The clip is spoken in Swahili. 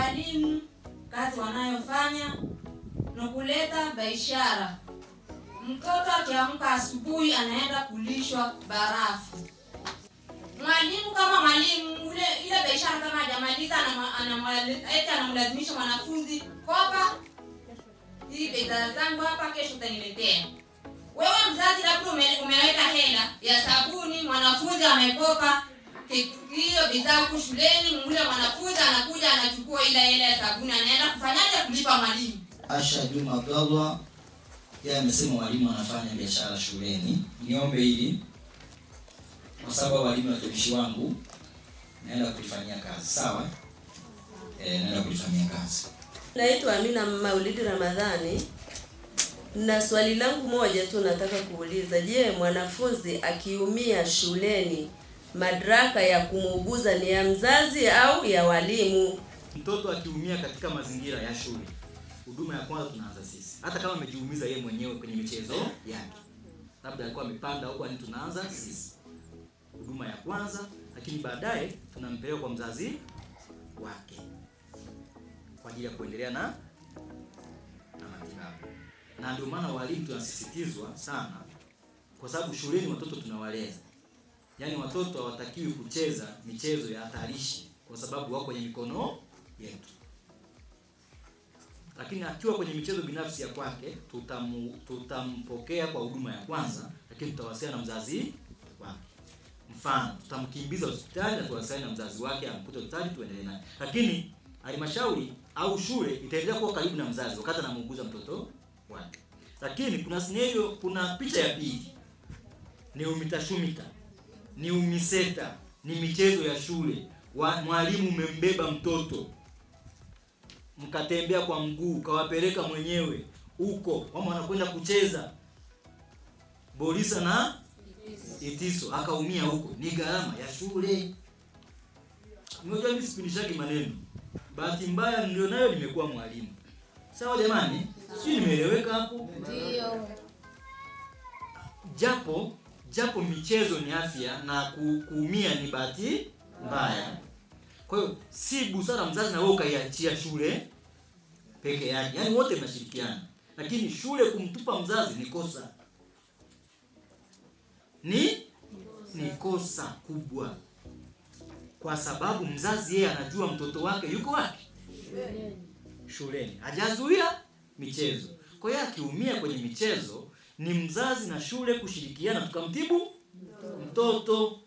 walimu kazi wanayofanya na kuleta Mtoto akiamka asubuhi anaenda kulishwa barafu. Mwalimu kama mwalimu ule ile biashara kama hajamaliza anamwaleta anamlazimisha mwanafunzi kopa, hii bidhaa zangu hapa, kesho utaniletea. Wewe mzazi, labda umeweka hela ya sabuni, mwanafunzi amekopa hiyo bidhaa huko shuleni, mule mwanafunzi anakuja anachukua ile ile ya sabuni, anaenda kufanyaje kulipa mwalimu? Asha Juma Abdallah yeye amesema walimu wanafanya biashara shuleni. Niombe hili kwa sababu walimu watumishi wangu, naenda kulifanyia kazi. Sawa, eh, naenda kulifanyia kazi. Naitwa Amina Maulidi Ramadhani na swali langu moja tu nataka kuuliza, je, mwanafunzi akiumia shuleni madaraka ya kumuuguza ni ya mzazi au ya walimu. Mtoto akiumia katika mazingira ya shule, huduma ya kwanza tunaanza sisi, hata kama amejiumiza yeye mwenyewe kwenye michezo yake, labda alikuwa amepanda huko, tunaanza sisi huduma ya kwanza, lakini baadaye tunampeleka kwa mzazi wake kwa ajili ya kuendelea na na matibabu. Na ndio maana walimu tunasisitizwa sana, kwa sababu shuleni watoto tunawaleza Yaani watoto hawatakiwi kucheza michezo ya hatarishi kwa sababu wako kwenye mikono yetu. Lakini akiwa kwenye michezo binafsi ya kwake, tutamu, tutampokea kwa huduma ya kwanza, lakini tutawasiliana na mzazi wake. Mfano, tutamkimbiza hospitali na tuwasiliane na mzazi wake, amkute hospitali tuendelee naye. Lakini halmashauri au shule itaendelea kuwa karibu na mzazi wakati anamuuguza mtoto wake. Lakini kuna scenario, kuna picha ya pili ni umitashumita ni UMISETA, ni michezo ya shule. Mwalimu umembeba mtoto mkatembea kwa mguu kawapeleka mwenyewe huko, wama wanakwenda kucheza Borisa na Itiso akaumia huko, ni gharama ya shule. Unajua mimi sipindishaki maneno, bahati mbaya ndio nayo nimekuwa mwalimu. Sawa jamani, sijui nimeeleweka hapo? Ndio. Japo japo michezo ni afya na kuumia ni bahati mbaya. Kwa hiyo si busara mzazi na wewe ukaiachia shule peke yake, yaani wote mnashirikiana, lakini shule kumtupa mzazi ni kosa, ni ni kosa kubwa, kwa sababu mzazi yeye anajua mtoto wake yuko wapi, shuleni, hajazuia michezo. Kwa hiyo akiumia kwenye michezo ni mzazi na shule kushirikiana tukamtibu mtoto.